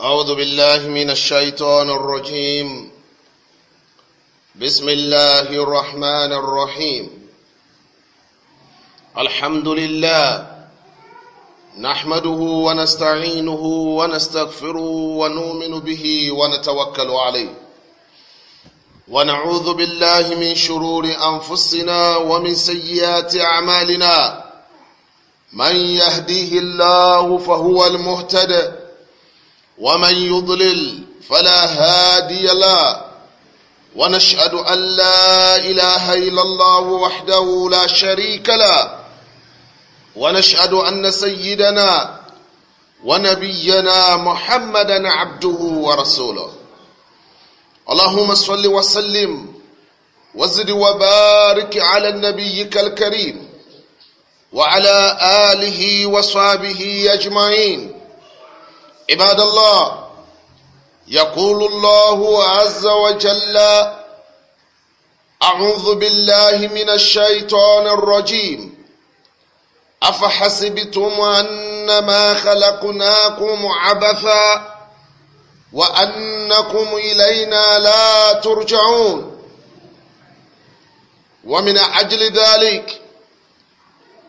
أعوذ بالله من الشيطان الرجيم بسم الله الرحمن الرحيم الحمد لله نحمده ونستعينه ونستغفره ونؤمن به ونتوكل عليه ونعوذ بالله من شرور أنفسنا ومن سيئات أعمالنا من يهديه الله فهو المهتدئ ومن يضلل فلا هادي له ونشهد أن لا إله إلا الله وحده لا شريك له ونشهد أن سيدنا ونبينا محمدا عبده ورسوله اللهم صل وسلم وزد وبارك على نبيك الكريم وعلى آله وصحبه أجمعين عباد الله يقول الله عز وجل أعوذ بالله من الشيطان الرجيم أفحسبتم أنما خلقناكم عبثا وأنكم إلينا لا ترجعون ومن أجل ذلك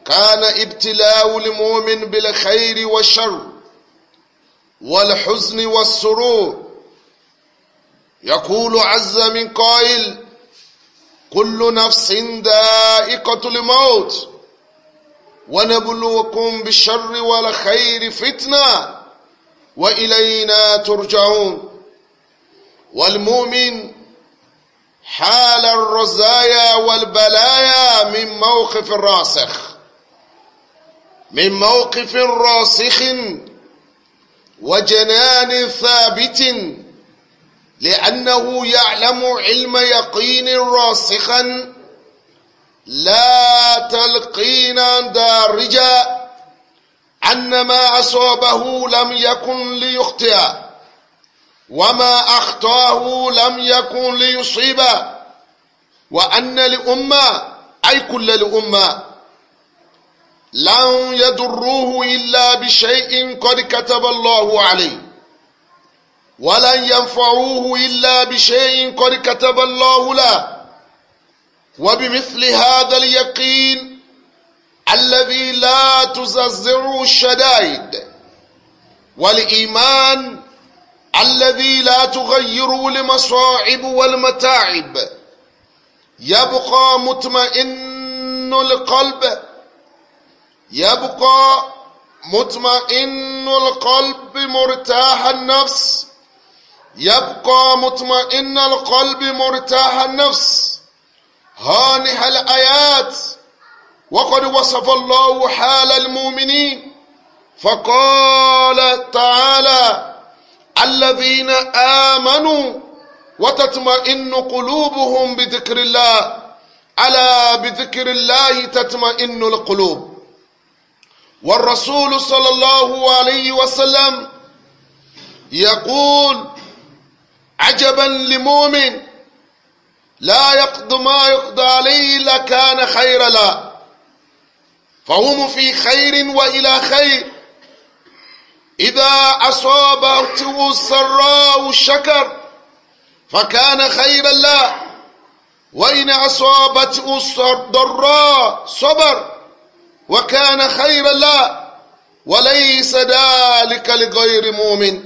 كان ابتلاء المؤمن بالخير والشر والحزن والسرور يقول عز من قائل كل نفس دائقة الموت ونبلوكم بالشر والخير فتنة وإلينا ترجعون والمؤمن حال الرزايا والبلايا من موقف راسخ من موقف راسخ وجنان ثابت لأنه يعلم علم يقين راسخا لا تلقينا دارجا أن ما أصابه لم يكن ليخطئ وما أخطاه لم يكن ليصيب وأن لأمة أي كل الأمة لن يضروه إلا بشيء قد كتب الله عليه ولن ينفعوه إلا بشيء قد كتب الله له وبمثل هذا اليقين الذي لا تزرع الشدائد والإيمان الذي لا تغير المصاعب والمتاعب يبقى مطمئن القلب يبقى مطمئن القلب مرتاح النفس يبقى مطمئن القلب مرتاح النفس هانها الآيات وقد وصف الله حال المؤمنين فقال تعالى الذين آمنوا وتطمئن قلوبهم بذكر الله ألا بذكر الله تطمئن القلوب والرسول صلى الله عليه وسلم يقول عجبا لمؤمن لا يقضي ما يقضى عليه لكان خير لا له فهم في خير وإلى خير إذا أصابته السراء شكر فكان خيرا له وإن أصابته الضراء صبر وكان خيرا لا وليس ذلك لغير مؤمن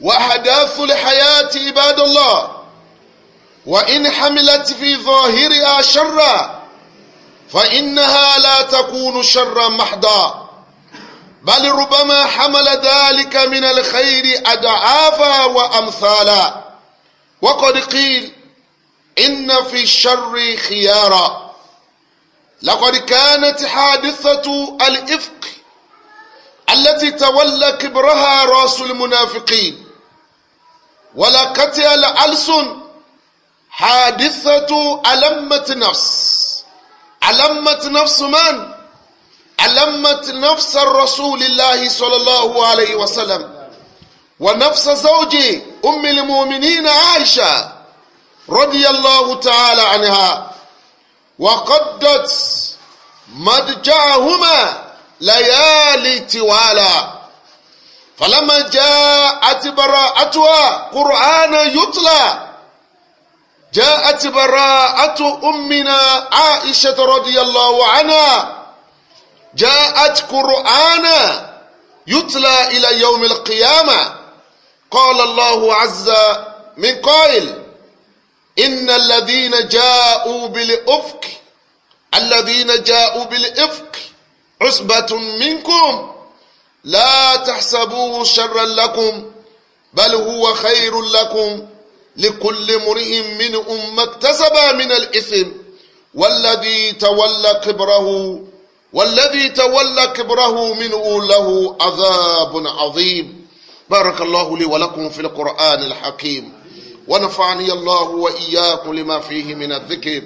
وأحداث الحياة عباد الله وإن حملت في ظاهرها شرا فإنها لا تكون شرا محضا بل ربما حمل ذلك من الخير أضعافا وأمثالا وقد قيل إن في الشر خيارا لقد كانت حادثة الإفك التي تولى كبرها رأس المنافقين ولقت الألسن حادثة ألمة نفس ألمة نفس من؟ ألمت نفس الرسول الله صلى الله عليه وسلم ونفس زوجي أم المؤمنين عائشة رضي الله تعالى عنها وقدت مضجعهما ليالي توالا فلما جاءت براءتها قرآنا يتلى جاءت براءة أمنا عائشة رضي الله عنها جاءت قرآن يتلى إلى يوم القيامة قال الله عز من قائل إن الذين جاءوا بالإفك الذين جاءوا بالإفك عصبة منكم لا تحسبوه شرا لكم بل هو خير لكم لكل امرئ منهم ما اكتسب من الإثم والذي تولى كبره والذي تولى كبره منه له عذاب عظيم بارك الله لي ولكم في القرآن الحكيم ونفعني الله وإياكم لما فيه من الذكر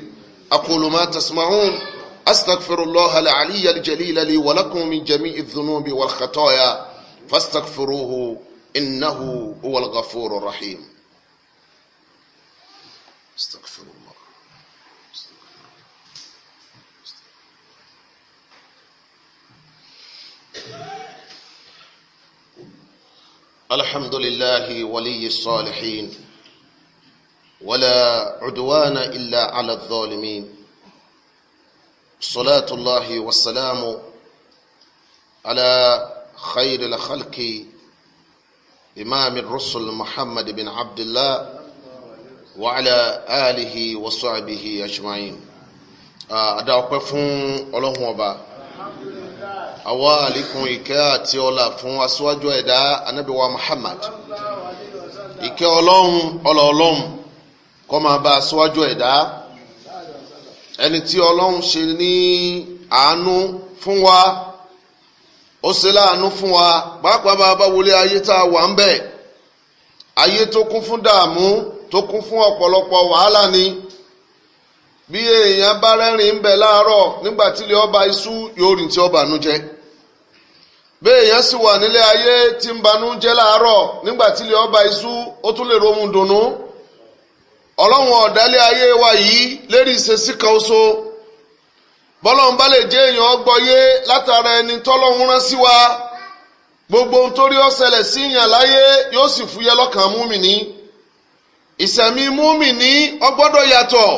أقول ما تسمعون أستغفر الله العلي الجليل لي ولكم من جميع الذنوب والخطايا فاستغفروه إنه هو الغفور الرحيم استغفر الله الحمد لله ولي الصالحين ولا عدوان إلا على الظالمين صلاة الله والسلام على خير الخلق إمام الرسل محمد بن عبد الله وعلى آله وصحبه أجمعين أدعوكم فون الله وبا àwa àlékún ìkẹ́ àti ọlá fún aṣíwájú ẹ̀dá anábìwá Muhammad ìkẹ́ ọlọ́run ọlọ́ ọlọ́run kọ́ máa bá aṣíwájú ẹ̀dá ẹni tí ọlọ́run ṣe ní àánú fún wa ó ṣe láàánú fún wa pàápàá bá a bá wọlé ayé tá a wà ń bẹ̀ ayé tó kún fún dààmú tó kún fún ọ̀pọ̀lọpọ̀ wàhálà ni bí èèyàn bá rẹ́rìn ń láàárọ̀ nígbà ọba iṣu yóò rìn tí ọba eya jẹ bí sì wà nílé ayé tí ń ọba iṣu ó tún lè ọlọ́run ọ̀dálẹ́ ayé wa yìí lérí ìṣesí kan so bọ́lọ́run bá lè jẹ́ èèyàn gbọ́yé látara ẹni tọ́lọ́run rán sí wa gbogbo ohun tó rí ó ṣẹlẹ̀ sí èèyàn láyé yóò sì fúyẹ́ lọ́kàn múmìnì ìṣẹ̀mí múmìnì ó gbọ́dọ̀ yàtọ̀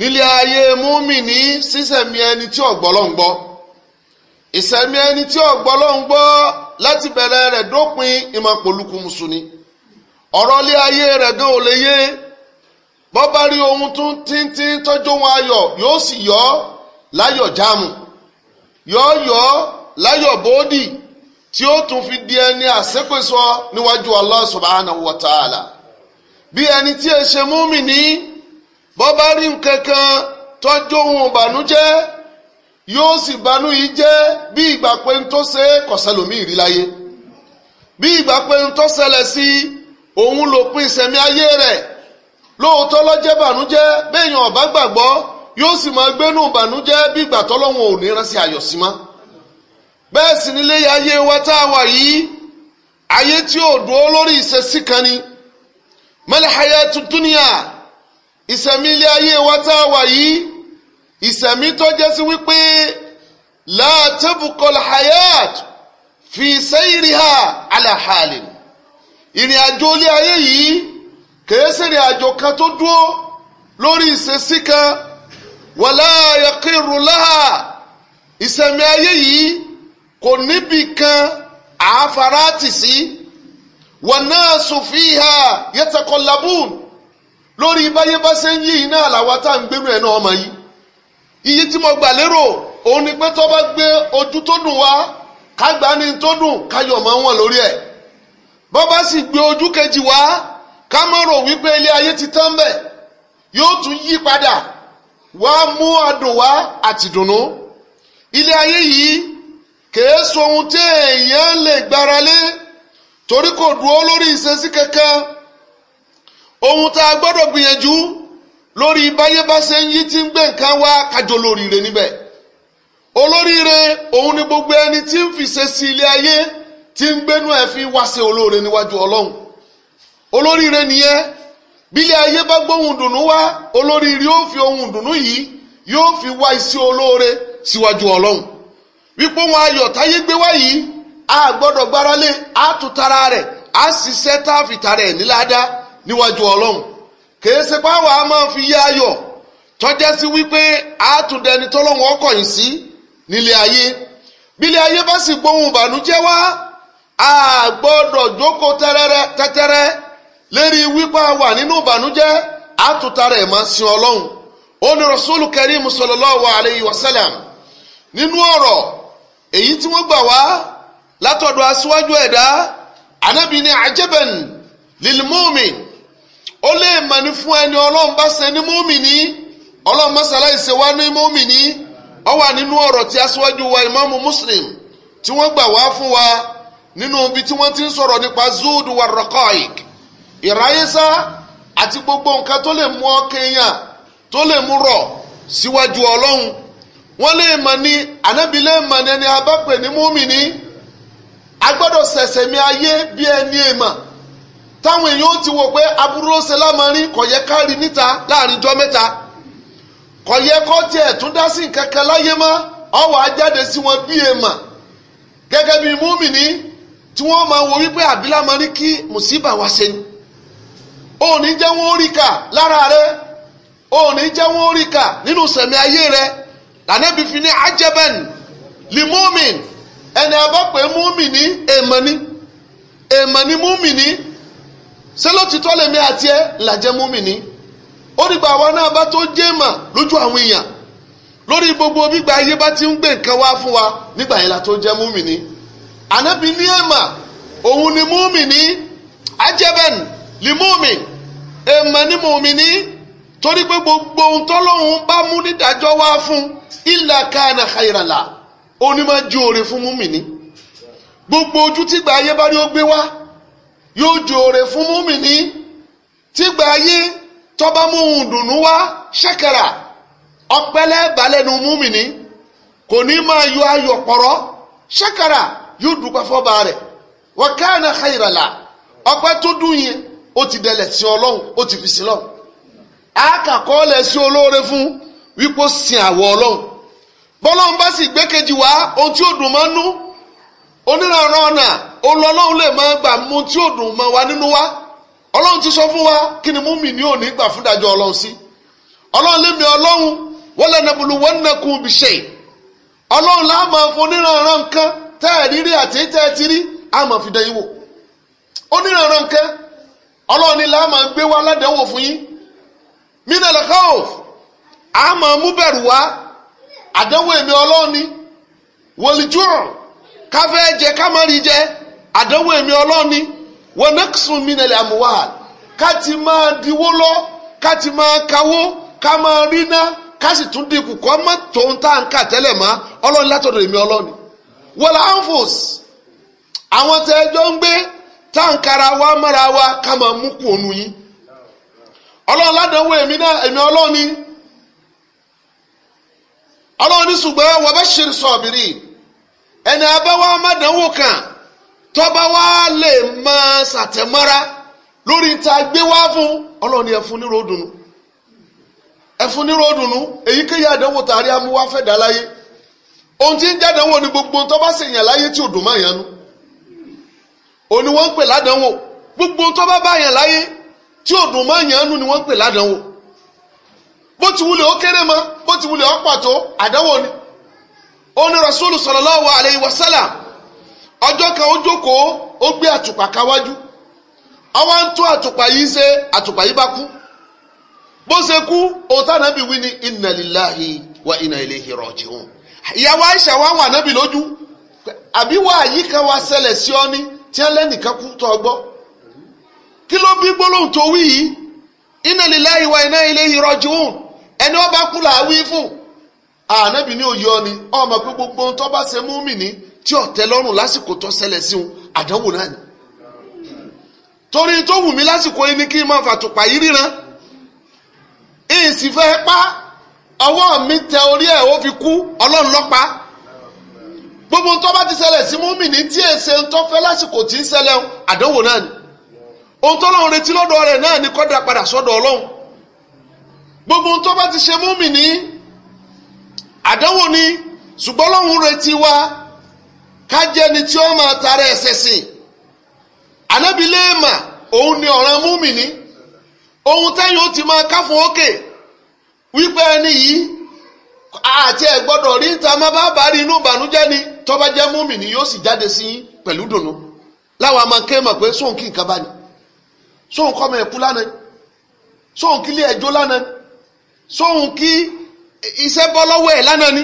nílé ayé múmìnì sísẹ̀mí ẹni tí ọ̀gbọ́lọ́ngbọ́ ìṣẹ̀mí ẹni tí ọ̀gbọ́lọ́ngbọ́ láti bẹ̀rẹ̀ rẹ̀ dópin ìmọ̀pọ̀lùkùmùsùn ni ọ̀rọ̀ lé ayé rẹ̀ gan ò lè yé bọ́ bá rí ohun tó ń tíntín tọ́jú wọn ayọ̀ yóò sì yọ́ láyọ̀ jáàmù yọ́ yọ́ láyọ̀ bòódì tí ó tún fi di ẹni àṣepèsọ níwájú Allah subhanahu wa ta'ala bí ẹni tí ẹ ṣe mùmínì bọ́ bá rí nǹkan kan tọ́jú ohun ìbànújẹ́ yóò sì banú yìí jẹ́ bí ìgbà pé ń tó ṣe kọ̀sẹ́lòmíì rí bí ìgbà pé ń tó ṣẹlẹ̀ sí òun lòpin ìṣẹ̀mí ayé rẹ̀ lóòótọ́ lọ́jẹ́ bànújẹ́ béèyàn ọ̀bá gbàgbọ́ yóò sì máa gbénú bànújẹ́ bí ìgbà tọ́lọ́hún ò ní ránṣẹ́ ayọ̀ sí mọ́ bẹ́ẹ̀ sì nílé ayé wa tá a wà yìí ayé tí ò dúró lórí ìṣesí kan ni mẹ́lẹ̀háyà tuntun ni à ìṣẹ̀mí ilé ayé wa tá a wà yìí ìṣẹ̀mí tó jẹ́ sí wípé látẹ́bùkọ́ hayat fi sẹ́yìrì ha aláhàlì ìrìn àjò ilé ayé yìí kèésìrìn àjò kan tó dúró lórí ìṣesí kan wàlá yakiru láhà ìsẹ̀mí ayé yìí kò níbì kan àáfàrá tì sí wọnà sùfìhà yẹtẹkọlábùn lórí báyé bá ṣe ń tá à ń gbérù ọmọ yìí iye tí mo gbà lérò òun ni pé tó bá gbé ojú tó dùn wá tó dùn ká má rò wípé ilé ayé ti tán bẹ́ẹ̀ yóò tún yí padà wá mú adùn wá àti dùnnú ilé ayé yìí kèé so ohun tí èèyàn lè gbára lé torí kò dúró lórí ìṣesí kankan ohun tá a gbọ́dọ̀ gbìyànjú lórí báyébá ṣe ń yí tí ń gbé nǹkan wá kájọ lóríire níbẹ̀ olóríire òun ni gbogbo ẹni tí ń fi ṣe sí ilé ayé tí ń gbénú ẹ̀ fi wá ṣe olóore níwájú ọlọ́run olóríire nìyẹn bílẹ̀ ayé bá gbóhùn dùnú wá olóríire yóò fi ohun dùnú yìí yóò fi wá iṣẹ́ olóore síwájú ọlọ́run wípé wọn ayọ̀ táyé gbé wá yìí a gbọ́dọ̀ gbára lé a tu tara rẹ̀ a sì ṣẹ́ tá a fi tara ẹ̀ níláadá níwájú ọlọ́run kèé ṣe báwa a máa fi yé ayọ̀ tọ́jẹ́ sí wípé a tún dẹni tọ́lọ́run ọkọ̀ yìí sí nílé ayé bílẹ̀ ayé bá sì gbóhùn ìbànújẹ́ wá a gbọ́dọ̀ jókòó tẹ́tẹ́rẹ́ lérí wípé a wà nínú ìbànújẹ́ àtúntàrà ẹ̀ máa sin ọlọ́run ó ní rasúlù karim sallallahu alayhi wa sallam nínú ọ̀rọ̀ èyí tí wọ́n gbà wá látọ̀dọ̀ aṣíwájú ẹ̀dá anábì ní ajaban lil mu'min ó lè mà ní fún ẹni ọlọ́run bá ṣe ní mu'mini ọlọ́run mọ́sálá ìṣèwá ní mu'mini ó wà nínú ọ̀rọ̀ tí aṣíwájú wa ìmáàmù muslim tí wọ́n gbà wá fún wa nínú ibi tí wọ́n ti ń sọ̀rọ̀ nípa zudu wa rakaik. ìráyésá àti gbogbo nǹkan tó lè mú ọkàn èèyàn tó lè mú rọ̀ síwájú ọlọ́run wọ́n lè mọ̀ ní ànábìlẹ̀ mọ̀ ní ẹni abápè ní múmìnì agbọ́dọ̀ sẹ̀sẹ̀ mi ayé bí ẹni èèmọ̀ táwọn èèyàn ó ti wò pé aburú ṣe kò yẹ kárí níta láàrin mẹ́ta kò yẹ kó tiẹ̀ tún dá sí láyé mọ́ ọwọ́ ajáde sí wọn bí èèmọ̀ gẹ́gẹ́ bí múmìnì tí wọ́n ò ní jẹ́ wọ́n rí lára rẹ ò ní jẹ́ wọ́n nínú sẹ̀mí ayé rẹ lànàbí fi ní ajẹ́bẹ̀n lè múmin ẹni ni èèmọ̀ ni múmin ní lèmi àti ẹ làjẹ́ ma ó dìgbà lori gbogbo gbígba ayé bá ti ń gbé nǹkan wá fún wa nígbà yẹn la tó jẹ́ ní ni ajẹ́bẹ̀n èèmọ̀ ní mùmíní torí pé gbogbo ohun tọ́lọ́hún bá mú nídàjọ́ wá fún ilà kàánà khairala onímọ̀ ju oore fún mùmíní gbogbo ojú tìgbà ayé bá rí ó gbé wá yóò ju oore fún mùmíní tìgbà ayé tọ́ba mú ohun dùnú wá ṣẹ́kẹ̀rà ọpẹ́lẹ́ balẹ̀nu mùmíní kò ní máa yọ ayọ̀ pọ̀rọ̀ ṣẹ́kẹ̀rà yóò dúpẹ́ fọ́ba rẹ̀ wọ́n kàánà khairala ọpẹ́ tó dùn yẹn ó ti dẹlẹ̀ sí ọlọ́run ó ti fi sí lọ́run àkàkọ́ lẹ̀ sí olóore fún wípé ó sin àwọ̀ ọlọ́run bọ́lọ́run bá sì gbẹ́kejì wá ohun tí ó dùn máa ń nú onírànràn ọ̀nà olọ́lọ́run lè máa gbà mú tí ó dùn máa wá nínú wá ọlọ́run ti sọ fún wa kí ni múmi ní gbà fún dájọ́ ọlọ́run sí ọlọ́run lèmi ọlọ́run wọlé nàbùlù wọn nàkùn bìṣẹ́ ọlọ́run láà máa fún onírànràn nǹkan tẹ́ẹ̀ rírí àti tẹ́ẹ̀ rí àmọ̀ fìdá yìí wò onírànràn nǹkan ọlọ́run ni láàmà gbé wá ládẹ́wò fún yín minal khawf àmà múbẹ̀rù wá àdánwò èmi ọlọ́run ni wòlíjúrò káfẹ́ jẹ kámárì jẹ àdánwò èmi ọlọ́run ni wọnẹ́kùsùn minal amwal ká ti máa diwó lọ ká ti máa kawó ká máa rí ná ká sì tún dínkù kọ́ mọ́ tòun tá à ń kà tẹ́lẹ̀ mọ́ ọlọ́run látọ̀dọ̀ èmi ọlọ́run wọlé anfos àwọn tẹ́ ẹjọ́ ń gbé tá marawa ń kara wa ọlọ́run ládàáwó èmi náà èmi ọlọ́run ni ọlọ́run ṣùgbọ́n wọ́n bá ṣe sọ̀bìrì ẹni abẹ́wọ́ kan tọ́ba wa lè máa ṣàtẹ̀mọ́ra lórí ta gbé wá fún ọlọ́run ni ẹ̀fún nírò dùnú ẹ̀fún nírò dùnú èyíkéyìí àdánwò tààrí amúwáfẹ́ ohun tí ń jẹ́ ni gbogbo tọ́ba ṣèyàn láyé tí ò dùn máa òun ni wọ́n ń pè ládánwò gbogbo tó bá bá yàn láyé tí ò yàn án nù ni wọ́n ń pè ládánwò ti wulẹ̀ ó kéré mọ́ bó ti wulẹ̀ ó pàtó àdánwò ni ó rasúlù sallallahu alayhi wa ọjọ́ kan ó jókòó ó gbé àtùpà káwájú àwa ń tó àtùpà yìí ṣe àtùpà yìí bá kú bó ṣe kú òtá nàbì wí ni wa inna ilayhi ìyàwó wa wà nàbì lójú àbí tí wọ́n lẹ́nìkan kú tọ́ gbọ́ kí ló bí gbólóhùn tó wí yìí inna lillahi wa inna ilayhi raji'un ẹni wọ́n bá kú làá wí fún ànábì ní òye ọni ọmọ pé gbogbo ohun tó bá ṣe mùmínì tí ọ̀tẹ́ lọ́rùn lásìkò tó ṣẹlẹ̀ sí òun àdánwò náà ni torí tó wù mí lásìkò yìí ni kí n máa fàtùpà yìí ríran èsì pa ọwọ́ mi tẹ orí ẹ̀ ó fi kú ọlọ́run lọ́pàá gbogbo ntọ́ bá ti ṣẹlẹ̀ sí múmìnì tí èsè ntọ́ fẹ́ lásìkò tí ń ṣẹlẹ̀ àdánwò náà ni ohun tó lọ́n retí lọ́dọ̀ rẹ̀ náà ni kó dá padà sọ́dọ̀ ọlọ́run gbogbo ntọ́ bá ti ṣe múmìnì àdánwò ni ṣùgbọ́n ọlọ́run retí wa ká jẹ́ ni tí ó máa tara ẹ̀sẹ̀ sí i ànábi léèmà òun ni ọ̀ràn múmìnì ohun táyọ̀ ti máa káfọ́ òkè wípé ẹni yìí àti ẹ̀ gbọ́dọ̀ rí ìta máa bá bá rí inú ìbànújẹ́ ni tó bá jẹ́ múmi ni yóò sì jáde sí yín pẹ̀lú dùnú láwọn ọmọ kẹ́ mọ̀ pé sóhun kí nǹkan bá ní sóhun kọ́ ọmọ ẹ̀kú lánàá sóhun kí ilé ẹjọ́ lánàá sóhun kí iṣẹ́ bọ́ lọ́wọ́ ẹ̀ lánàá ni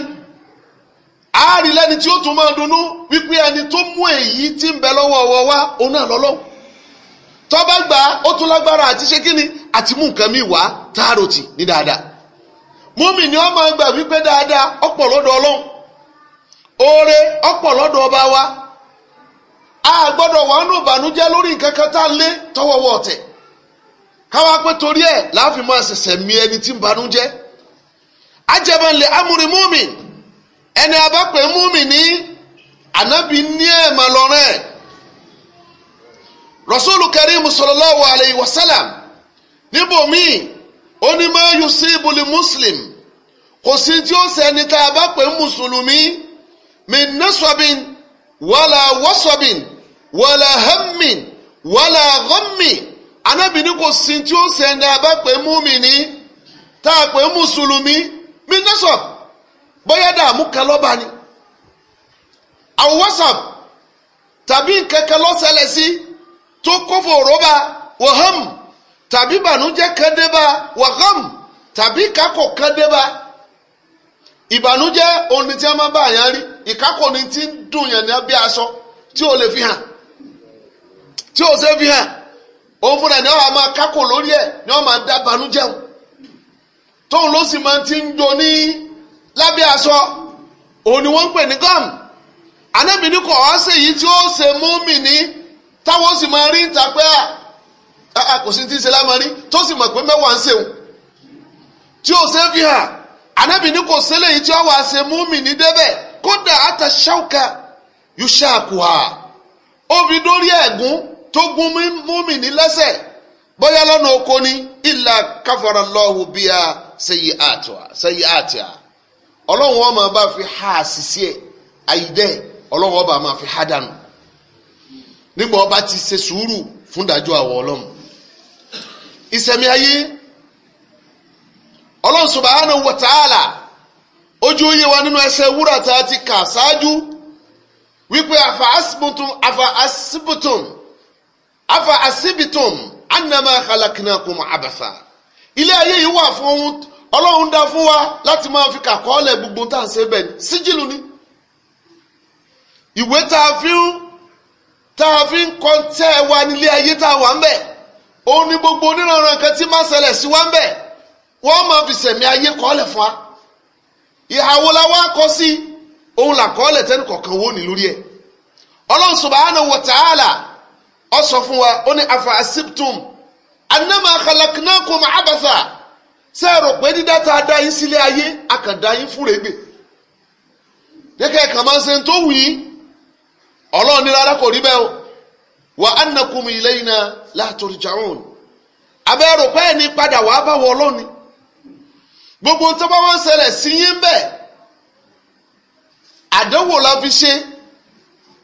àárín lẹ́ni tí ó tún máa dunnú wípé ẹni tó mú èyí tí ń bẹ lọ́wọ́ ọwọ́ wa òun náà lọ́lọ́ tó gbà ó tún lágbára àti ṣe kíni àti mú nǹkan mi wá táàròtì ní dáadáa múmi ni wọ́n máa gbà wípé dáadáa ọ̀pọ̀ lọ́dọ̀ ọlọ́run ore ọ̀pọ̀ lọ́dọ̀ ọba wa a gbọdọ wà nù bànújẹ́ lórí nǹkan kan tá a lé tọwọ́wọ́ ọ̀tẹ̀ káwa pé torí ẹ̀ láàfin máa ṣẹ̀ṣẹ̀ mi ẹni tí ń bànújẹ́ ajẹ́bẹ̀lẹ̀ amúri múmi ẹni abápẹ́ múmi ní anabi ní ẹ̀ mà lọ́rẹ́ ẹ̀ rasulu karim sallallahu alayhi wa sallam níbòmíì ó ní ma muslim kò sí tí ó ṣẹni tá a bá pè mùsùlùmí. من nasabin ولا wasabin ولا هم wala ghammin anábì ní kò sí tí ó sẹ́ni abápẹ́ múmìnì tá a pè mùsùlùmí min nasab bóyá dààmú kan lọ́ba ni àwọn wasab tàbí kankan lọ́sẹ̀lẹ̀ sí tó kófò rọ́bà wàhám tàbí bànújẹ́ kan débà wàhám tàbí kakọ̀ kan ìbànújẹ́ orin bá àyàn rí ìkákò ni ti ń dùn yàn ní bí aṣọ tí o lè fi hàn tí o ṣe fi hàn òun fúnra ni ọ̀rọ̀ máa kákò lórí ẹ̀ ni ọ̀ máa dá banújẹ́ o tóun ló sì máa ti ń jo ní lábẹ́ aṣọ òun ni wọ́n ń pè ní gum anábì ní kò wá sí èyí tí ó ṣe mọ́mì ní táwọn sì máa rí ìta pé a ah, ah, ah, kò sí ti ṣe lámarí tó sì mọ̀ pé mẹ́wàá ń ṣeun tí o ṣe fi hàn anábì ní kò sí èyí tí ó wà ṣe mọ́mì ní débẹ̀ kódà ata ṣáùkà yóò ṣàkùhà obì dórí ẹ̀gún tó gún múmi ní lẹ́sẹ̀ bóyá lọ́nà oko ni ìlà káfàrà lọ́hù bí a sẹ́yìn fi àṣìṣe ẹ̀ àyídẹ́ ọlọ́run ọba máa fi ha dànù nígbà ọba ti ṣe sùúrù fún ìdájọ́ àwọ̀ ọlọ́run ìsẹ̀mí ayé ọlọ́run ojú oyè wa nínú ẹsẹ̀ wúrà tá a ti kà ṣáájú wípé afa asibitum afa asibitum afa asibitum anama khalakinakum abasa ilé ayé yìí wà fún ohun ọlọ́run dá fún wa láti máa fi kàkọ́ọ́lẹ̀ gbogbo tá à ń ṣe bẹ́ẹ̀ ni síjìlù ni ìwé tá a fi ń tá a fi ń kọ́ńtẹ́ wa nílé ayé tá a wà ń bẹ̀ òun ni gbogbo oníranran kan tí máa ṣẹlẹ̀ sí wa ń bẹ̀ wọ́n máa fi sẹ̀mí ayé kọ́ọ́lẹ̀ fún wa ìhàwó la wá kọ sí òun làkọọ́lẹ̀ tẹ́nu kọ̀ọ̀kan wó ni lórí ẹ̀ ọlọ́run subhanahu wa ta'ala ó sọ fún wa ó ní afa asibtum annama khalaqnakum abatha ṣé ẹ rò pé dídá tá a dá yín sílé ayé a kàn dá yín gẹ́gẹ́ kàn máa ń ṣe tó wù yín ọlọ́run ní rárá kò rí bẹ́ẹ̀ o wa annakum ilayna la turja'un abẹ́ rò pé ẹni padà wàá bá wọ ọlọ́run gbogbo tó bá wọn ṣẹlẹ̀ sí yín bẹ́ẹ̀ àdánwò la fi ṣe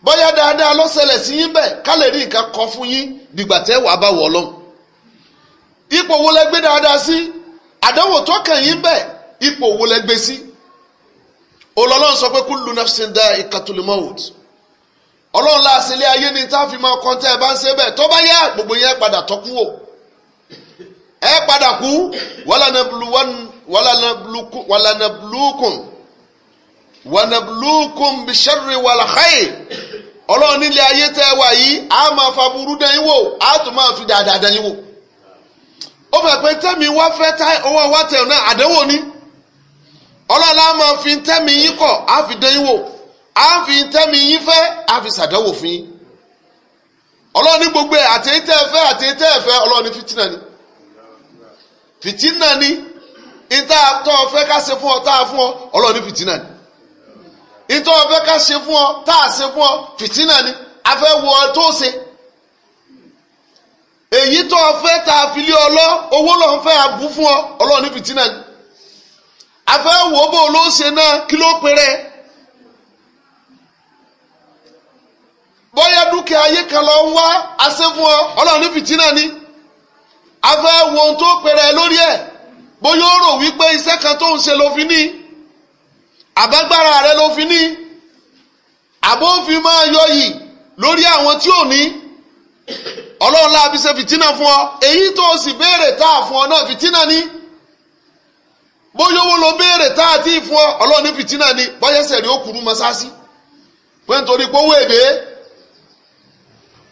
bóyá dáadáa ló ṣẹlẹ̀ sí yín bẹ́ẹ̀ ká lè rí nǹkan kọ fún yín dìgbà tẹ́ wàá bá wọ̀ lọ́hùn ipò wo lẹ gbé dáadáa sí àdánwò tó kàn yín bẹ́ẹ̀ ipò wo lẹ gbé sí olọ́lọ́run sọ pé kullu nafsin da'iqatul maut ọlọ́run láàsílẹ̀ ayé ni tá a fi máa kọ́ńtà ẹ̀ bá ń ṣe bẹ́ẹ̀ tó bá yá gbogbo yẹn padà tọ́kú wò ẹ padà kú wala nabluwan walanablukum wanablukum bisharri wal khair ọlọ́run nílé ayé tẹ́ wà yìí a máa fa burú dán yín wò a tún máa fi dáadáa dán yín wò ó fẹ́ pé tẹ́mi wá fẹ́ tá owó wá tẹ̀ náà àdánwò ni ọlọ́run á máa fi tẹ́mi yín kọ̀ á fi dán yín wò fi tẹ́mi yín fẹ́ á fi ṣàdánwò fún yín ọlọ́run ní gbogbo ẹ̀ àtẹ̀yìn tẹ́ ẹ fẹ́ àtẹ̀yìn tẹ́ ẹ fẹ́ ọlọ́run ní fìtínà ni fìtínà ni ìta tó fẹ́ ká ṣe fún ọ tá a fún ọ ọlọ́ọ̀ni fìtínà ni ìta ọ̀fẹ́ ká ṣe fún ọ tá a ṣe fún ọ fìtínà ni afẹ́ wo ọ tó ṣe èyí tó ọfẹ́ tá a fi lé ọ lọ owó lọ́n fẹ́ abú fún ọ ọlọ́ọ̀ni fìtínà ni afẹ́ wo bó ló ṣe náà kí ló péré bóyá dúkìá ayé kan lọ ń wá aṣẹ́ fún ọ ọlọ́ọ̀ni fìtínà ni afẹ́ wo ohun tó péré lórí ẹ̀ bóyá ó rò wípé iṣẹ́ kan tó ń ṣe ló fi ní àbágbára rẹ ló fi ní àbófin máa yọ yìí lórí àwọn tí ò ní ọlọ́run láàbí ṣe fìtínà fún ọ èyí tó o sì béèrè tá a fún ọ náà fìtínà ní bóyá owó ló béèrè tá a ti fún ọ ọlọ́run ní fìtínà ní bóyá ẹsẹ̀ rí òkúrú mọ́sáàsì pé nítorí pówó èdè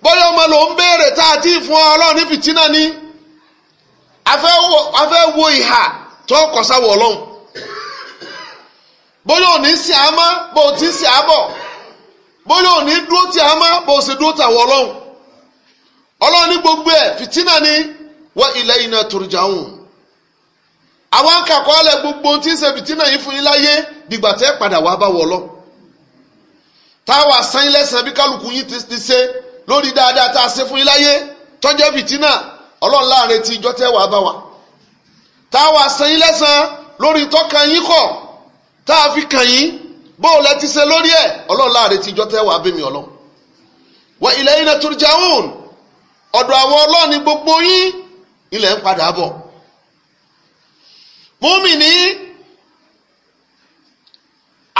bóyá ọmọ ló ń béèrè tá a ti fún ọ ọlọ́run ní fìtínà ní. a fe wo iha to n kosa wo si ama bo oti si abọ boyo oni dootia ma ama o osi doota ta oloun olo ni gbogbo e fitaina ni wo ile ino tori jaun awon kakwale gbogbo oti n se fitaina yi fun ilaye digba te padawa ba wo olo ta wasan ilese bi kalukwuyi ti se lori daada ta se fun ilaye tọjọ je fitaina ọlọ́run láàrin ti ìjọ tẹ́ wàá bá wa tá a wà sẹ́yìn lẹ́sàn lórí tọ́kàn yín kọ̀ tá a fi kàn yín bó o lẹ ti ṣe lórí ẹ̀ ọlọ́run láàrin ti ìjọ tẹ́ wàá bẹ̀ mí ọlọ́run wa ilayna turja'un ọ̀dọ̀ àwọn ọlọ́ọ̀ni gbogbo yín ilẹ̀ ń padà bọ̀ múmìnì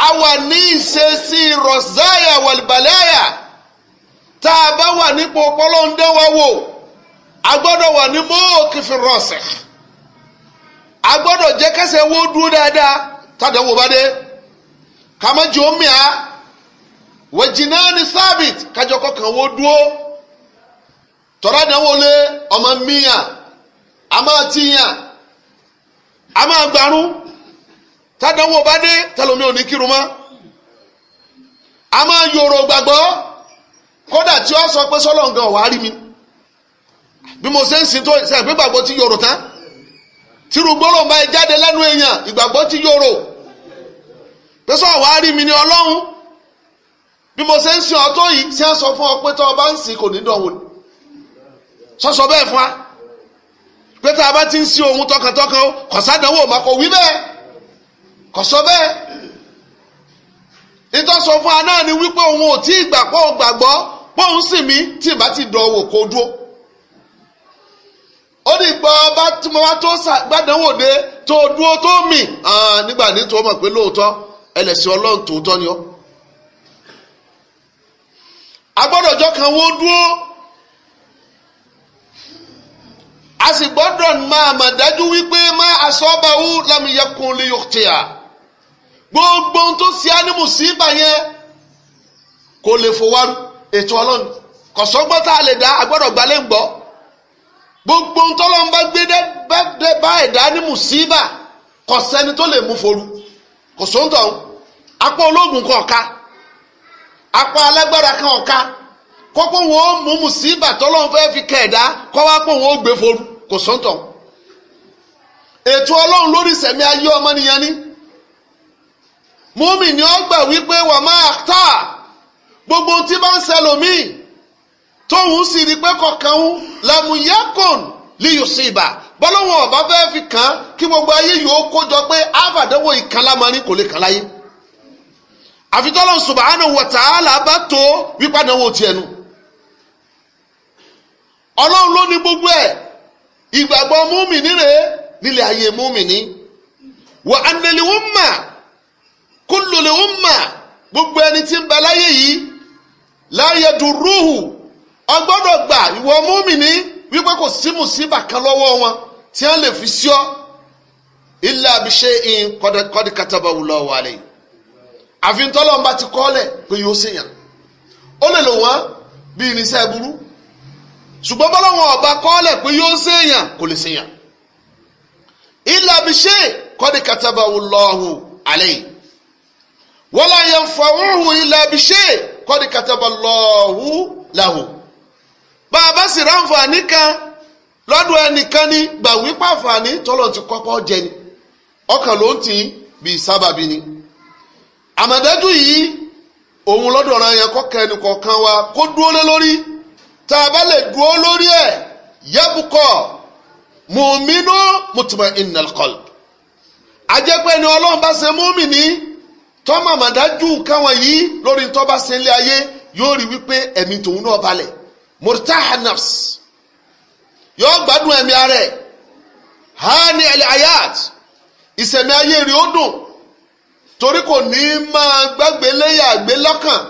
a wà ní ìṣesí rọ̀záyà wàlìbàláyà tá a bá wà nípò ọpọlọ wa wò a gbọ́dọ̀ wà ní mọ́ọ̀kì fi rọ̀ṣẹ̀ a gbọ́dọ̀ jẹ́ kẹsẹ̀ wó dúró dáadáa tàdé wò bá dé kàmá jò mí à wẹ̀jìnà ni sábìt kájọ kọkàn wó dúró tọ́lá dánwó lé ọmọ míyàn a máa tíyàn a máa gbarún bá dé tẹlomi ò ní kírun mọ́ a yòrò gbàgbọ́ kódà tí ó sọ pé sọ́lọ́ǹgàn wàá rí mi bí mo ṣe ń sin tó ṣe àgbẹ̀ gbàgbọ́ ti yòrò tán tírú gbọ́dọ̀ máa jáde lẹ́nu èèyàn ìgbàgbọ́ ti yòrò pẹ́sọ́ wàá rí mi ní ọlọ́run bí mo ṣe ń sin ọtọ́ yìí ṣé ń sọ fún ọ pé tó o bá ń sin kò ní dánwò ni sọ́sọ bẹ́ẹ̀ fún wa pé tá a bá ti ń sin ohun tọkàntọkàn kò sádánwò mà kò wí bẹ́ẹ̀ kò sọ bẹ́ẹ̀ ìtọ́sọ fún wa náà ni wípé òun ò tí ì gbà pọ́ gbàgbọ́ pọ́ òun sìn mí tí ì bá ti dánwò kó dúró ó ní gbọ́ bá tí mo bá tó gbàdánwò dé tó dúró tó mì nígbà ní tó mọ̀ pé lóòótọ́ ẹlẹ́sìn ọlọ́run tòótọ́ ni ọ́. agbọ́dọ̀ jọ kan wọ́n dúró a sì gbọ́dọ̀ máa mà dájú wípé má asọ́bàwú lámìyẹkùn lè yọ̀tìyà gbogbo ohun tó ṣe á ní mùsíbà yẹn kò lè fowárú ètò ọlọ́run kọ̀sọ́gbọ́n tá a lè dá agbọ́dọ̀ gbalẹ̀ ń gbọ́ gbogbo ntọ́lọ́n bá gbé dé bá ẹ̀dá ní mùsíbà kò sẹ́ni tó lè mú foru kò sóńtọ̀ apá ológun kan ọ̀ka apá alágbára kan ọ̀ka kọ́pọ̀ wọn ó mú mùsíbà tọ́lọ́n fẹ́ fi kẹ̀dá kọ́ wá pọ̀ wọn ó gbé foru kò sóńtọ̀ ètò ọlọ́run lórí sẹ̀mí ayé ọmọnìyàn ni múmi ni ó gbà wípé wàmá àtà gbogbo tí bá ń ṣẹlòmíì tóun sì rí pé kọ̀ọ̀kan ń làmúyẹ́kùn líyùsí ibà bọ́lọ́wọ́n ọ̀bá fẹ́ fi kàn án kí gbogbo ayé yòó kójọ pé àfàdánwò ìkàlámarí kò lè kàn láyé àfitọ́lọ́ subhanahu wa ta'ala bá tó wípé náà wò tiẹ̀ nu ọlọ́run ló ní gbogbo ẹ̀ ìgbàgbọ́ múmìnì rèé nílẹ̀ ayé múmìnì wà annal umma kullul umma gbogbo ẹni tí ń bẹ láyé yìí la yadurruhu ọgbọ́dọ̀ gbà ìwọ múmìnì wípé kò sí mùsíbà kan lọ́wọ́ wọn tí wọ́n lè fi sí ọ ilé abiṣẹ́ in kọ́dí kátàbà wùlọ wà lè àfi ntọ́lọ́mba ti kọ́lẹ̀ pé yóò ṣèyàn ó lè lò wọ́n bí irinṣẹ́ burú ṣùgbọ́n bọ́lọ́wọ́n ọba kọ́lẹ̀ pé yóò ṣèyàn kò lè ṣèyàn ilé abiṣẹ́ kọ́dí kátàbà wùlọ àlè wọ́n láyé fọwọ́hùn ilé abiṣẹ́ kọ́dí kátàbà lọ́hùn làwọn bá a bá sì ráǹfààní kan lọ́dọ̀ ẹnìkan ni gbà wípé àǹfààní tọ́lọ̀ ti kọ́kọ́ jẹ ni ọkàn ló ń tì í bíi sábàbí ni àmọ̀dájú yìí òun lọ́dọ̀ ọ̀ràn yẹn kọ́kẹ́ ẹnì kọ̀ọ̀kan wa kó dúró lé lórí tá a bá lè dúró lórí ẹ̀ yẹ́bùkọ̀ mùmínú mutma'innal qalb ajẹ́pẹ́ ni ọlọ́run bá ṣe mùmínì tọ́mọ̀ àmọ̀dájú nǹkan wọ̀nyí lórí tọ́ bá ṣe ilé ayé yóò rí wípé ẹ̀mí tòun náà balẹ̀ murtaha nafs yóò gbádùn ẹ̀mí ara ẹ̀ hani alayat ìsẹ̀mí ayé rí ó dùn torí kò ní máa gbàgbé léyà àgbélọ́kàn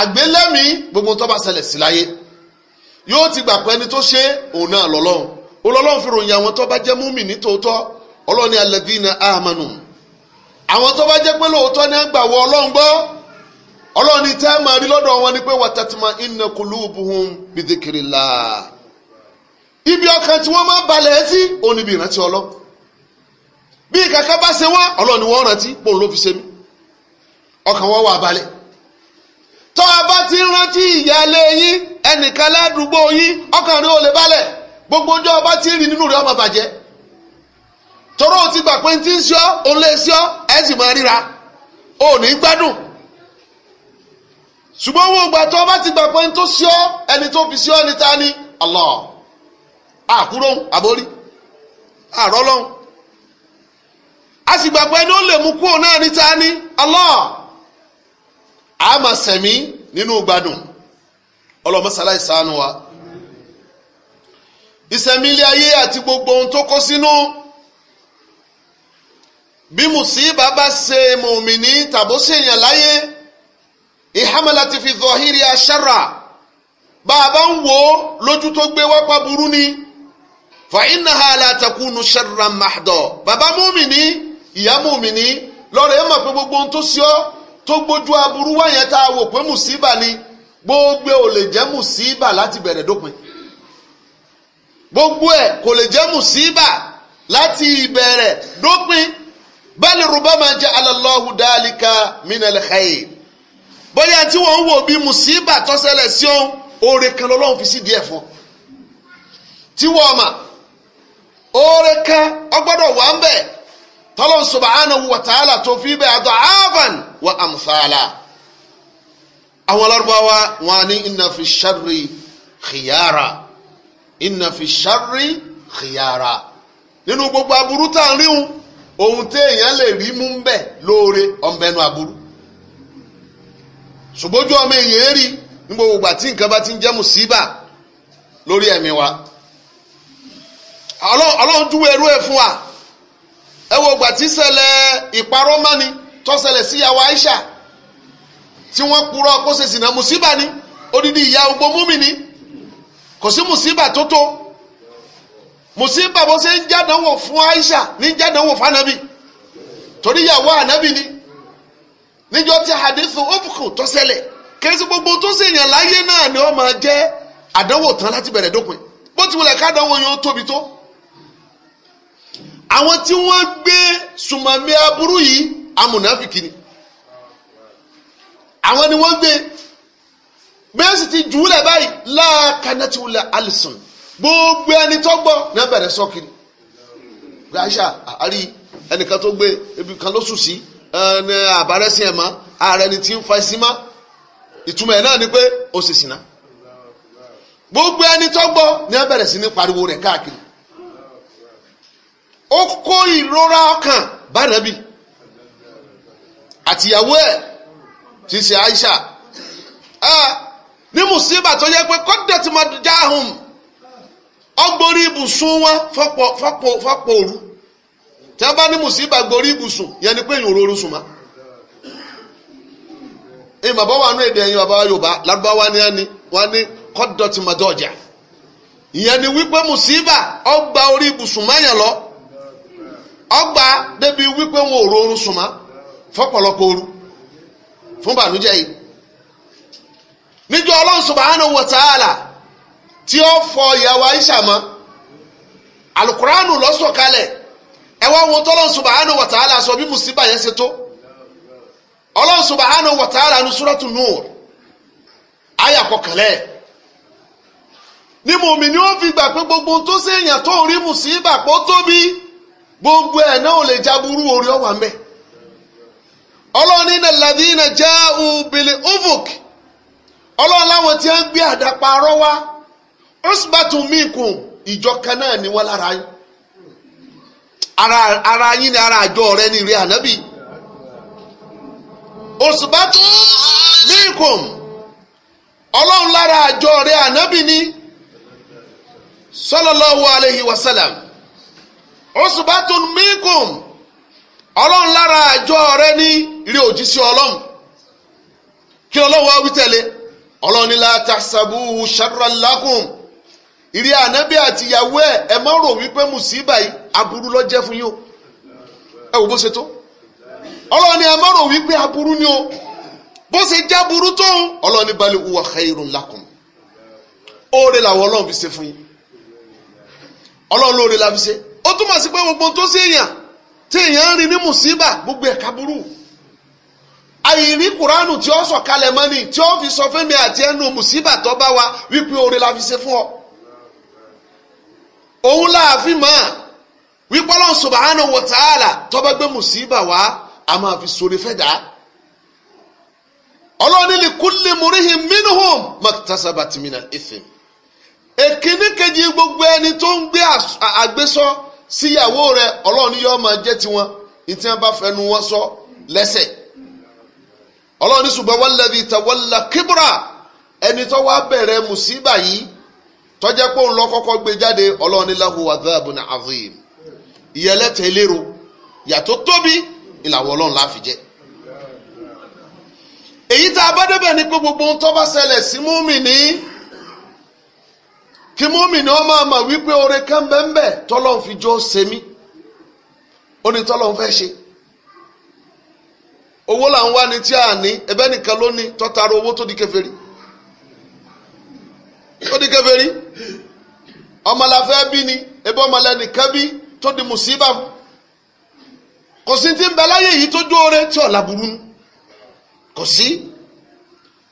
àgbélẹ́mí gbogbo tó bá ṣẹlẹ̀ sí láyé yóò ti gbà pé ẹni tó ṣe òun náà lọ́lọ́run olọ́lọ́run fi ròyìn àwọn tó bá jẹ́ múmi ní tòótọ́ ọlọ́ni alladhina amanu àwọn tó bá jẹ́ pé lóòótọ́ ni wọ́n gbà wọ ọlọ́run gbọ́ ọlọ́run tẹ́ máa rí lọ́dọ̀ wọn ni pé wàtàtìmá iná kulubuhum ibi ọkàn tí wọ́n máa balẹ̀ sí oníbi ìrántí ọlọ́ bí kàkà bá ṣe wá ọlọ́run wọ́n rántí bóun ló fi ṣe mí ọkàn wọn wà balẹ̀ tọ́ a bá ti rántí ìyáálé yín ẹnìkan ládùúgbò yín ọkàn rí gbogbo ọjọ́ ọba ti rí nínú rẹ̀ ọmọ bàjẹ́ tọ́rọ̀ ti gbà pé ti ń ṣọ́ ṣùgbọ́n owó ìgbà tó o bá ti gbà pé ní tó ṣe ọ́ ẹni tó fi ṣe ọ́ ní ta ni Allah àkúrò àbórí àrọ́lọ́hún a sì gbàgbọ́ ẹni ó lè mú kúrò náà ní ta ni Allah a máa sẹ̀mí nínú gbádùn ọlọ́mọsáláì ṣàánú wa ìsẹ̀mí ilé ayé àti gbogbo ohun tó kó sínú bí mùsíbà bá ṣe mùmíní tàbó ṣèyàn láyé ìhámẹ́lá ti fi zọ̀hírí aṣára bá a bá ń wò ó lójú tó gbé wápá burú ni fa innaha la takunu sharran mahdo bàbá mùmíní ìyá mùmíní lọ́rọ̀ ẹ̀ mọ̀ pé gbogbo ohun tó sí ọ́ tó gbójú aburú wáyẹn tá a wò pé mùsíbà ni gbogbo ò lè jẹ́ mùsíbà láti bẹ̀rẹ̀ dópin gbogbo ẹ̀ kò lè jẹ́ mùsíbà láti ìbẹ̀rẹ̀ dópin bal rubama ja'ala Allahu dhalika minal khayr bóyá tí wọ́n ń wò bí mùsíbà tó ṣẹlẹ̀ sí òun oore kan lọ́lọ́run fi sí díẹ̀ fún tí wọ́n mà oore kan ọgbọ́dọ̀ wà ń bẹ̀ tọ́lọ́n subhanahu wa ta'ala tó fi bẹ́ẹ̀ àdó avan wa amthala àwọn alárúbáwá wọn ní inna fi sharri khiyara inna fi sharri khiyara nínú gbogbo aburú tá à ń ríhun ohun téèyàn lè rí mú ń lóore ọ̀nbẹ́nu aburú ṣùgbọ́n ọmọ èèyàn rí ní gbogbo ìgbà tí nǹkan bá ti ń jẹ́ síbà lórí ẹ̀mí wa ọlọ́run júwe ẹrú ẹ̀ fún wa ẹ wo tí ṣẹlẹ̀ ìparọ́ mání tó sí ìyàwó Aisha tí wọ́n purọ́ kó ṣe sìnà síbà ni odidi ìyá ogbó múmi ni kò sí síbà tó tó mùsíbà bó ṣe ń jádánwò fún Aisha ní fún anabi torí ìyàwó ni níjọ́ tí hadithu ofukun tó ṣẹlẹ̀ kẹsí gbogbo tó ṣèyàn láyé náà ni wọ́n máa jẹ́ àdánwò tán láti bẹ̀rẹ̀ dópin bó ti wulẹ̀ kádánwò yẹn ó tóbi tó àwọn tí wọ́n gbé sùmọ̀mí aburú yìí amúnáfìkì ni àwọn ni wọ́n gbé bẹ́ẹ̀ sì ti jù ú lẹ̀ báyìí láàkánátìwúlẹ̀ alison gbogbo ẹni tó gbọ́ náà bẹ̀rẹ̀ sọ́kiri gbàṣà àárí ẹnìkan tó gbé ibi kan ló sùn sí. Si ẹni àbárẹ́sìn ẹ̀ ààrẹ ni ti ń fa ẹsìn mọ́ ìtumọ̀ ẹ̀ náà gbogbo ẹni tó gbọ́ ni bẹ̀rẹ̀ sí ní pariwo rẹ̀ káàkiri ó kó ìrora ọkàn bá àtìyàwó ẹ̀ ṣe Aisha ní musiba tó yẹ pé tí a bá ní mùsíbà gborí ibùsùn yẹn ni pé èyàn òróró sùn ma ẹ̀yìn bàbá wa nú èdè ẹ̀yìn bàbá wa Yorùbá lágbàwá ni ní ni ní kọ́dọ̀tì mọ́tọ́jà ni wípé mùsíbà ọgbà orí ibùsùn lọ ọgbà débi wípé wọn sùn fún yìí Ọlọ́run tí ó fọ ìyàwó Aisha mọ́ alukuraanu ẹ wá wọn tọ́lọ́ subahana wa sọ bí musiba yẹn ṣe tó ọlọ́run subahana ní suratu nur àyà kọkànlẹ̀ ní mòmí ni ó fi gbà gbogbo tó ṣèyàn tó ń rí musiba pọ̀ tóbi gbogbo ẹ̀ náà ò lè jaburú orí ladina ovok láwọn tí wọ́n gbé àdàpà ara ara yín ni ara àjọ rẹ ni ìrẹ ànábì òṣùbátú minkum ọlọ́run lára àjọ rẹ ànábì ni sallallahu alayhi wa sallam òṣùbátú minkum ọlọ́run lára àjọ rẹ ni ìrẹ òjíṣẹ́ ọlọ́run kí ọlọ́run wá wí tẹ̀lé ọlọ́run ni la tahsabu sharran lakum ìrí ànábì àti ìyàwó ẹ̀ ẹ má rò wípé mùsíbà yìí aburú ló jẹ́ fún yín o ẹ wò bó ṣe tó ọlọ́run ni ẹ má rò wípé aburú ni o bó ṣe jẹ́ aburú tó ọlọ́run ní balẹ̀ wúwa khairun lakum oore làwọn ọlọ́run fi ṣe fún yín ọlọ́run lóore la fi ṣe ó túmọ̀ sí pé gbogbo tó ṣe èèyàn tí èèyàn ń rin ní mùsíbà gbogbo ẹ̀ka burú àyìnrí kuranu tí ó sọ̀kalẹ̀ mọ́ni tí ó fi sọ fún mi àti ẹnu mùsíbà tó bá wa wípé oore la fi ṣe fún ọ òun láàfin mọ́ wípé Ọlọ́run subhanahu wa ta'ala tó gbé mùsíbà wá a máa fi sórí fẹ́ dà ọlọ́ọ̀ni li kulli murihim minhum maktasabat mina ifim kejì gbogbo ẹni tó ń gbé àgbésọ síyàwó rẹ̀ ọlọ́ọ̀ni yóò máa jẹ́ tiwọn ìtí wọn bá fẹnu wọn sọ lẹ́sẹ̀ ọlọ́ọ̀ni ṣùgbọ́n walladhi tawalla kibra ẹni tó wá bẹ̀rẹ̀ mùsíbà yìí tọ́jẹ́ pé òun lọ gbé jáde ọlọ́run ní lahu adhabun azim ìyẹlẹ́tẹ̀ eléro yàtọ̀ tóbi ìlàwọ̀ ọlọ́run láfi èyí tá a bá débẹ̀ ni pé gbogbo ohun tó ṣẹlẹ̀ sí múmìnì kí máa mà wípé oore tọ́lọ́run fi jọ ó ní tọ́lọ́run fẹ́ ṣe owó là ń wá tí a ní ẹbẹ́ nìkan ọmọ la fẹ́ bí ni ebi ọmọ lẹ́nìkan bí tó di mùsíbà kò sí ti ń bẹ láyé yìí tó dóore tí ọ̀la burú kò sí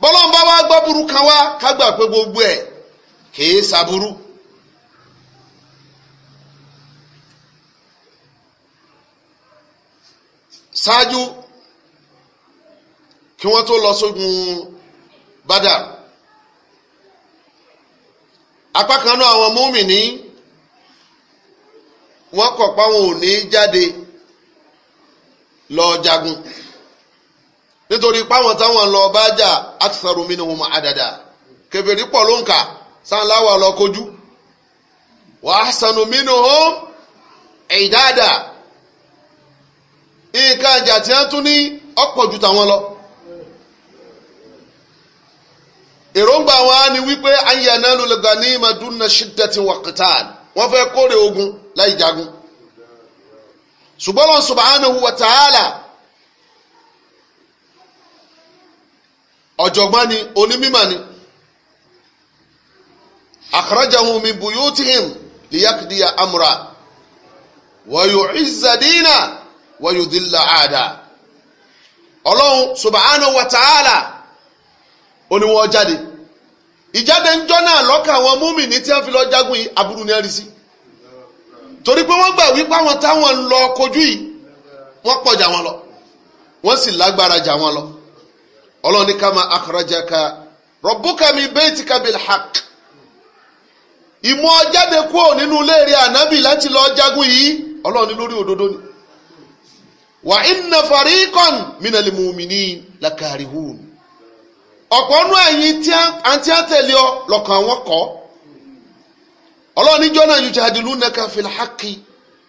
bọ́lọ́mbà wa gbọ́ burú kan wá ká gbà pé gbogbo ẹ̀ kìí ṣàbúrú. ṣáájú kí wọ́n tó lọ sógun bádà. So apá kan náà àwọn múmìnì wọ́n kọ̀ pa wọn ò ní jáde lọ jagun nítorí páwọn táwọn lọ bá jà àtisàrò mi ni wọn àdàdà kèfèrí pọ̀ ló ń kà sanláwà lọ kojú wàá sanu mi ni wọn ẹ̀dáàdà nǹkan àjà tí wọ́n tún ní ọ̀pọ̀ ju tàwọn lọ. èròǹgbà wọn á ní wípé ayẹ̀nà lùlùgà ní maduna shiddati wa qital wọ́n fẹ́ kórè ogun láì jagun ṣùgbọ́n lọ́n subhanahu wa ta'ala ọ̀jọ̀gbọ́n ni onímọ̀ ni akhrajahum min buyutihim liyaqdiya amra wa yu'izza dina wa yudilla aada ọlọ́run subhanahu wa ta'ala ó ní wọ́n jáde ìjáde ńjọ́ náà lọ́kàn àwọn múmìnì tí wọ́n fi lọ jagun yìí aburú ni wọ́n rí sí torí pé wọ́n gbà wípé àwọn táwọn ń lọ kojú yìí wọ́n pọ̀ jà wọn lọ wọ́n sì lágbára jà wọn lọ ọlọ́run ní ká máa akhrajaka rabbuka min baytika bil haqq ìmọ̀ jáde kúrò nínú ilé ànábì láti lọ jagun yìí ọlọ́run ní lórí òdodo ni wa inna fariqan minal mu'minin ọ̀pọ̀ ọnụ ẹ̀yìn tí àǹtí àtẹ̀lé ọ lọ́kàn àwọn kọ́ ọlọ́ọ̀ni jọ́nà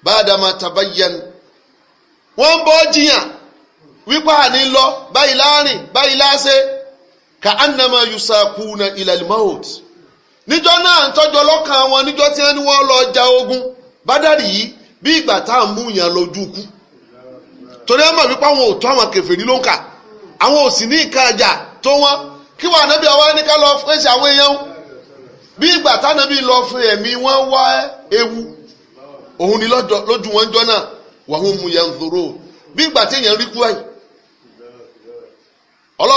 ba'dama lọ báyìí láàrin ka annama náà wọn níjọ́ tí ní wọ́n lọ ja ogun bádàrí yìí bí ìgbà tá à ń mú yàn lójú kú torí ẹ mọ̀ wípé àwọn ò tó àwọn kèfèrí ló ń kà kí wọn ànábì ọwọ́ ní ká lọ fèsì àwọn èèyàn bí ìgbà tánábì lọ fún wọn wá ewu òun ni lójú wọn jọ náà wàhùn mu yẹn zòrò bí ìgbà tí èèyàn rí kú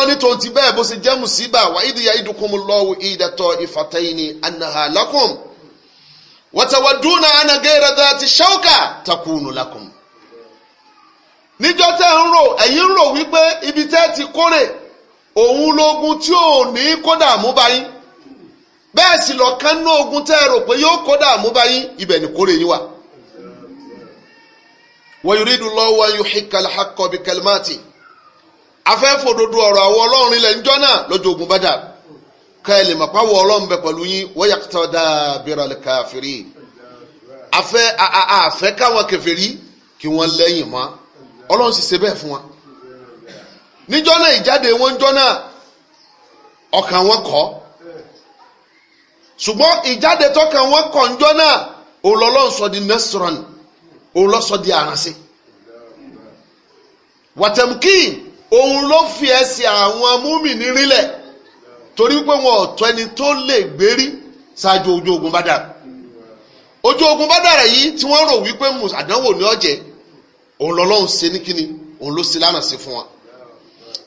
ní tòun ti bẹ́ẹ̀ bó ṣe wà ìdí ya ìdúkùn mu lọ́wọ́ ìdàtọ̀ ìfàtẹ́yìn ní anaha lakum takùnù lakum ń rò rò wípé ibi òun lógun tí ò ní kódà mú bá bẹ́ẹ̀ sì lọ́kàn ní ogun tẹ́ ẹ rò kódà ibẹ̀ ní kórè yín wa yuridu Allahu an yuhiqqa al bi kalimati ọ̀rọ̀ àwọn ọlọ́run ilẹ̀ ńjọ́ náà lọ́jọ́ ogun bá dà ọlọ́run pẹ̀lú yín afẹ́ káwọn kèfèrí kí wọ́n ọlọ́run sì ṣe bẹ́ẹ̀ fún ní náà ìjáde wọn níjọ́ ọkàn wọn kọ́ ṣùgbọ́n ìjáde tọkàn wọn kọ́ náà di nẹ́sọ̀rọ̀nì òlọ́ di wàtẹ̀mùkì òun ló fi ẹsẹ̀ àwọn múmìnì rílẹ̀ torí pé wọn ẹni tó lè gbérí ṣáájú ojú ogun bada ogun yìí tí wọ́n rò wípé àdánwò ní ọ̀jẹ̀ òun ṣe ní kíni òun ló ṣe lánàá sí fún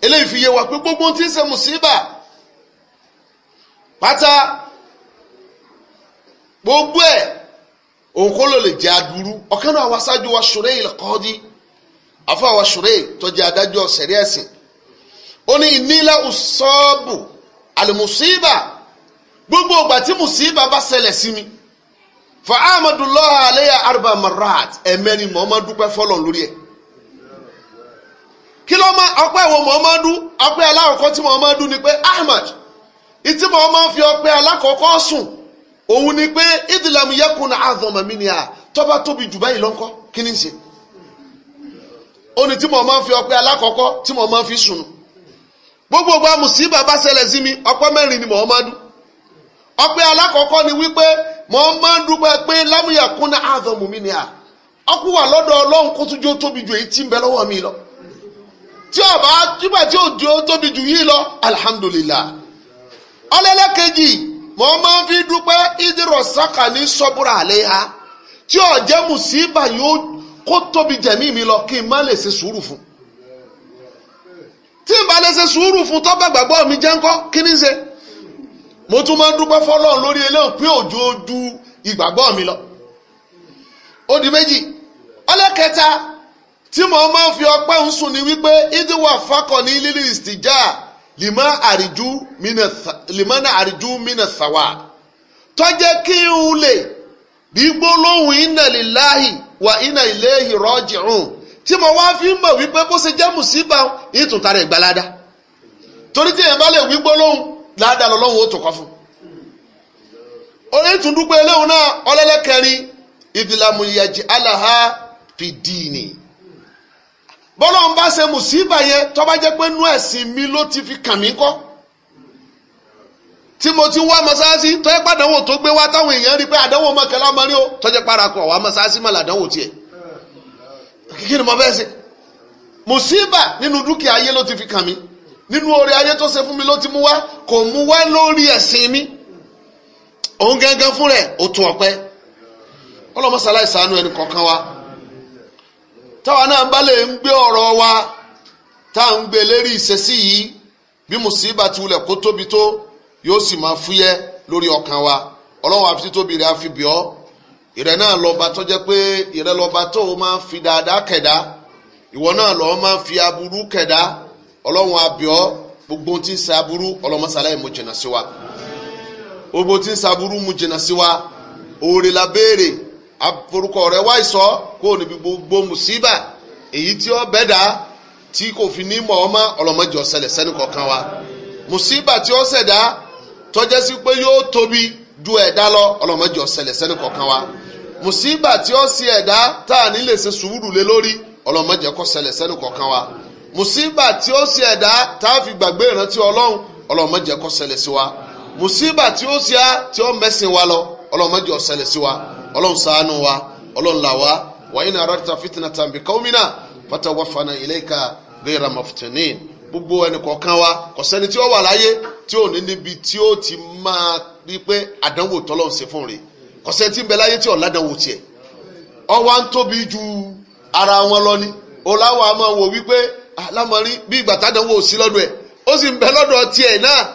eléyìí fi yé wa pé gbogbo tí ń ṣe mùsíbà pátá gbogbo ẹ̀ òun kó ló lè jẹ́ adúrú ọ̀kan náà wá ṣáájú wa ṣòro yìí lọ́kọ́ dí àfọ wa ṣòro yìí tọ́jú adájọ́ sẹ̀rí ẹ̀sìn ó ní ìnílá ùsọ́ọ̀bù àlùmùsíbà gbogbo ìgbà tí mùsíbà bá ṣẹlẹ̀ sí mi fa ahmadulayi aleya arba marat ẹ̀mẹ́ni mọ́ ọmọ dúpẹ́ fọlọ́ lórí ẹ̀ kí ló máa ọpẹ́ wo Muhammadu ọpẹ́ alákọ̀ọ́kọ́ tí Muhammadu ni pé Ahmad ìtí Muhammad fi ọpẹ́ alákọ̀ọ́kọ́ sùn òun ni pé idlam yẹkùn àzọmọ mi ni à tọ́ba tóbi jù báyìí lọ́nkọ́ kí ni ṣe ó ní tí Muhammad fi ọpẹ́ alákọ̀ọ́kọ́ tí fi sùn gbogbo ọgbà ṣẹlẹ̀ sí mi ọpẹ́ mẹ́rin ni ọpẹ́ alákọ̀ọ́kọ́ ni wípé pé mi ni ọkùnrin wà lọ́dọ̀ Ọlọ́run kó tún jó tóbi èyí tí ń bẹ tí ọba nígbà tí òjò tóbi jù yìí lọ alhamdulillah ọlẹ́lẹ́kejì mo máa ń fi dúpẹ́ ìdírọ̀ sáka ní sọ́búrà àléha tí ọ̀jẹ́ mùsíbà yóò kó tóbi jẹ̀mí mi lọ kí n má lè ṣe sùúrù fún tí n bá lè ṣe sùúrù fún tó bá gbàgbọ́ mi jẹ́ ńkọ́ kí ni ṣe mo tún máa ń dúpẹ́ fọlọ́run lórí eléyìí pé òjò ju ìgbàgbọ́ mi lọ ó di méjì ọlẹ́kẹta tí mo máa ń fi ọpẹ́ ń sùn ni wípé ìdíwà fakọ̀ ní lílì ìsìtìjà lìmọ́nà àríjú mínà sàwà tó jẹ́ kí n lè gbígbó lóhùn iná lìláhì wà iná iléhì rọ́jìrùn tí mo wá fi mọ̀ wípé bó ṣe jẹ́ mùsíbà ìtúntà rẹ̀ gbalada torí tí èèyàn bá lè gbígbó lóhùn ó kọ́ fún eléhùn náà ọlọ́lẹ́kẹrin aláha fìdí ni. bọ́lọ́n bá ṣe mùsíbà yẹn tó bá jẹ́ pé nú ẹ̀sìn mi ló ti fi kàn mí kọ́ tí mo ti wá mọ́sáàsì tó yẹ pàdánwò tó gbé wá táwọn èèyàn rí pé àdánwò mọ̀kẹ́lá mọ́rí o tó jẹ́ parakọ̀ wá mọ́sáàsì mọ́ tiẹ̀ kí ni mo bẹ́ẹ̀ ṣe mùsíbà nínú dúkìá ayé ló ti fi kàn mí nínú ayé tó táwa náà bá lè ń gbé ọ̀rọ̀ wa tá à ń gbé lérí ìṣesí yìí bí ti wulẹ̀ kó tóbi tó yóò sì máa fúyẹ́ lórí ọkàn wa ọlọ́run àfi títóbi rẹ̀ àfi bíọ́ ìrẹ náà lọ́ba tó jẹ́ pé ìrẹ lọ́ba tó o máa ń fi dáadáa kẹ̀dá ìwọ náà lọ́ọ́ máa ń fi aburú kẹ̀dá ọlọ́run àbíọ́ gbogbo ti ń àforúkọ rẹ wá ìsọ kó o níbi gbogbo mùsíbà èyí tí ó bẹ́dà tí kò fi ní mọ̀ ọmọ ọlọ́mọjọ sẹ́ni kọ̀ọ̀kan wa mùsíbà tí ó ṣẹ̀dá tọ́jẹ́ sí pé yóò tóbi ju ẹ̀dá lọ ọlọ́mọjọ ṣẹlẹ̀ sẹ́ni kọ̀ọ̀kan wa mùsíbà tí ó ṣe ẹ̀dá tá à ní lè ṣe sùúrù lé lórí ọlọ́mọjọ kó ṣẹlẹ̀ sẹ́ni kọ̀ọ̀kan wa mùsíbà tí ó ṣe ẹ̀dá tá a fi gbàgbé ìrántí ọlọ́run ọlọ́mọjọ kó ṣẹlẹ̀ sí wa mùsíbà tí ó ṣe á tí ó mẹ́sìn wa lọ ọlọ́mọjọ ṣẹlẹ̀ sí wa ọlọ́run ṣàánú wa ọlọ́run là wá wa in aradta fitnatan bi qaumina fana ilayka ghayra maftinin gbogbo ẹnì kọ̀ọ̀kan wa tí ó wà láyé tí ò ní níbi tí ó ti máa rí pé àdánwò fún rẹ̀ kò tí ń bẹ láyé tí ò tiẹ̀ wá ń tóbi ju ara wọn lọ ni wò wípé alámọ̀rí bí ìgbà sí lọ́dọ̀ ẹ̀ ó sì ń bẹ lọ́dọ̀ tiẹ̀ náà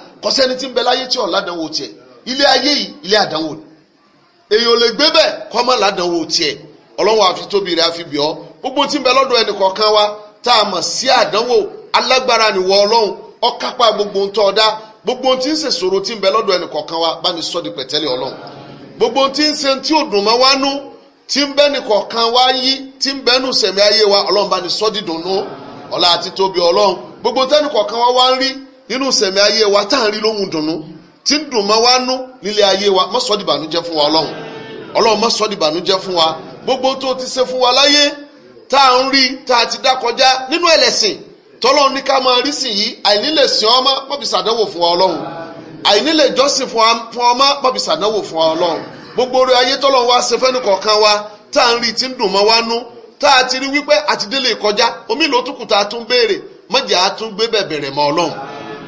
èèyàn lè gbé bẹ́ẹ̀ kọ́ mọ́ ládàáwò tiẹ̀ ọlọ́run àfi tóbi rẹ̀ àfi gbogbo tí ń bẹ lọ́dọ̀ ẹnì kọ̀ọ̀kan wa tá a mọ̀ sí àdánwò alágbára nìwọ ọlọ́run gbogbo ń tọ́ gbogbo tí ń ṣe tí ń bẹ lọ́dọ̀ ẹnì kọ̀ọ̀kan wa bá ní di pẹ̀tẹ́lẹ̀ ọlọ́run gbogbo tí ń tí tí ń nìkọ̀ọ̀kan yí wa ọlọ́run bá ní tí ń dùn mọ́ wá nú nílé ayé wa má sọ dìbànújẹ́ fún wa ọlọ́run ọlọ́run má sọ fún gbogbo tó ti ṣe fún wa láyé tá à ń rí tá a ti dá kọjá nínú ẹlẹ́sìn tọ́lọ́run ní ká máa rí sìn yìí àìní lè sìn wa ọlọ́run àìní lè jọ́sìn wa ọlọ́run gbogbo orí ayé tọ́lọ́run wá ṣe fẹ́nu kọ̀ọ̀kan wa tá à ń rí tí ń dùn mọ́ nú tá a ti rí wípé omi